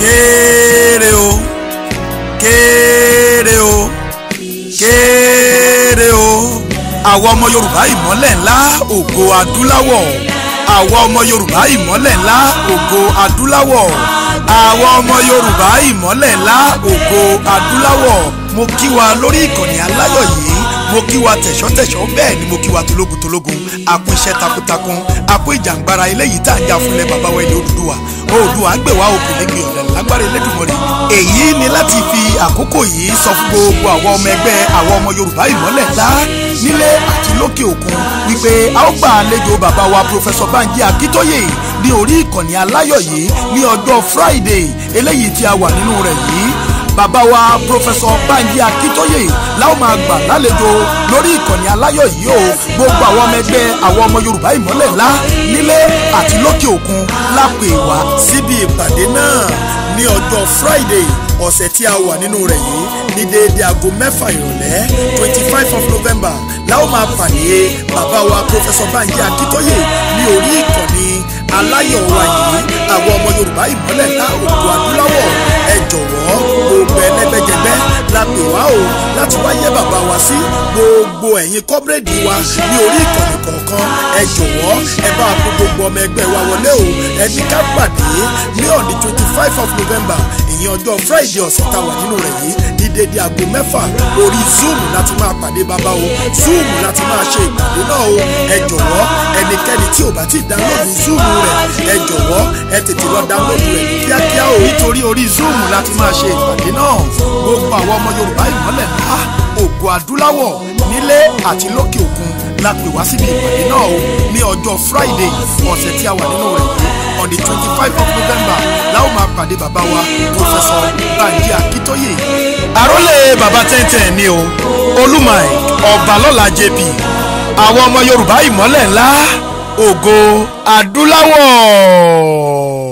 kéré o kéré o kéré o àwa ọmọ Yorùbá ìmọ́lẹ̀ ńlá ògo adúláwọ̀ àwa ọmọ Yorùbá ìmọ́lẹ̀ ńlá ògo adúláwọ̀ àwa ọmọ Yorùbá ìmọ́lẹ̀ ńlá ògo adúláwọ̀ mo kí wa lórí ìkànnì aláyọ̀ yìí mo kí wa tẹ̀sọ́tẹ̀sọ́ bẹ́ẹ̀ ni mo kí wa tológun tológun a iṣẹ́ takuntakun a ìjàngbara eléyìí tá à jà fúnlẹ̀ bàbá wa oòdùà gbèwà òkè lẹ́gbẹ̀ẹ́ ọ̀dà lágbára Elédùmarè èyí ni láti fi àkókò yìí sọ fún gbogbo àwọn ọmọ ẹgbẹ́ àwọn ọmọ Yorùbá ìmọ́lẹ̀ lá nílé àti lókè òkun wípé a ó gbà àlejò bàbá wa Professor Banji Akitoye ní orí ìkànnì aláyọ̀ yìí ní ọjọ́ Friday eléyìí tí a wà nínú rẹ̀ yìí bàbá wa pòfẹ́sọ̀ Bangi Akíntóyè láwọn máa gbà lálejò lórí ìkànnì aláyọ̀ yìí o gbogbo àwọn ọmọ ẹgbẹ́ àwọn ọmọ Yorùbá ìmọ́lẹ̀ ńlá nílé àti lókè òkun lápè wá síbi ìpàdé náà ní ọjọ́ Friday ọ̀sẹ̀ tí a wà nínú rẹ̀ yìí ní déédéé aago mẹ́fà ìrọ̀lẹ́ twenty five of November la ó máa pàdé bàbá wa pòfẹ́sọ̀ Bánjí Akíntóyè ní orí ìkànnì aláyọ̀ wa yìí àwọn ọmọ Yorùbá ìmọ́lẹ̀ ńlá òkú adúláwọ̀ wáyé bàbá wa sí gbogbo ẹ̀yin kọ́bírèdì wa ní orí ìkànnì kọ̀ọ̀kan ẹ jọ̀wọ́ ẹ bá a gbogbo ọmọ ẹgbẹ́ wa wọlé o ẹni ká pàdé ní on the twenty five of november ìyẹn ọjọ́ friday ọ̀sẹ̀ tá a wà nínú rẹ̀ yìí ní dédé aago mẹ́fà orí zoom láti máa pàdé bàbá o zoom láti máa ṣe ìpàdé náà o ẹ jọ̀wọ́ ẹnikẹ́ni tí ò bá ti dáńlódù zoom rẹ̀ ẹ jọ̀wọ́ ẹ tètè lọ dáńlódù rẹ̀ kíákíá o nítorí orí zoom láti máa ṣe ìpàdé náà gbogbo àwọn ọmọ yorùbá ìmọ̀lẹ̀ náà ògo adúláwọ̀ nílé àti lókè òkun la pè wá síbi ìpàdé náà o ní ọjọ́ friday ọ̀sẹ̀ tí a wà nínú rẹ̀ on the twenty five of november la ó máa pàdé bàbá wa professor Banji Akitoye. àrólé bàbá tẹ́ntẹ́n ni o olúmọ̀ẹ́ ọ̀bàlọ́lá jp àwọn ọmọ yorùbá ìmọ́lẹ̀ ńlá ògo adúláwọ̀.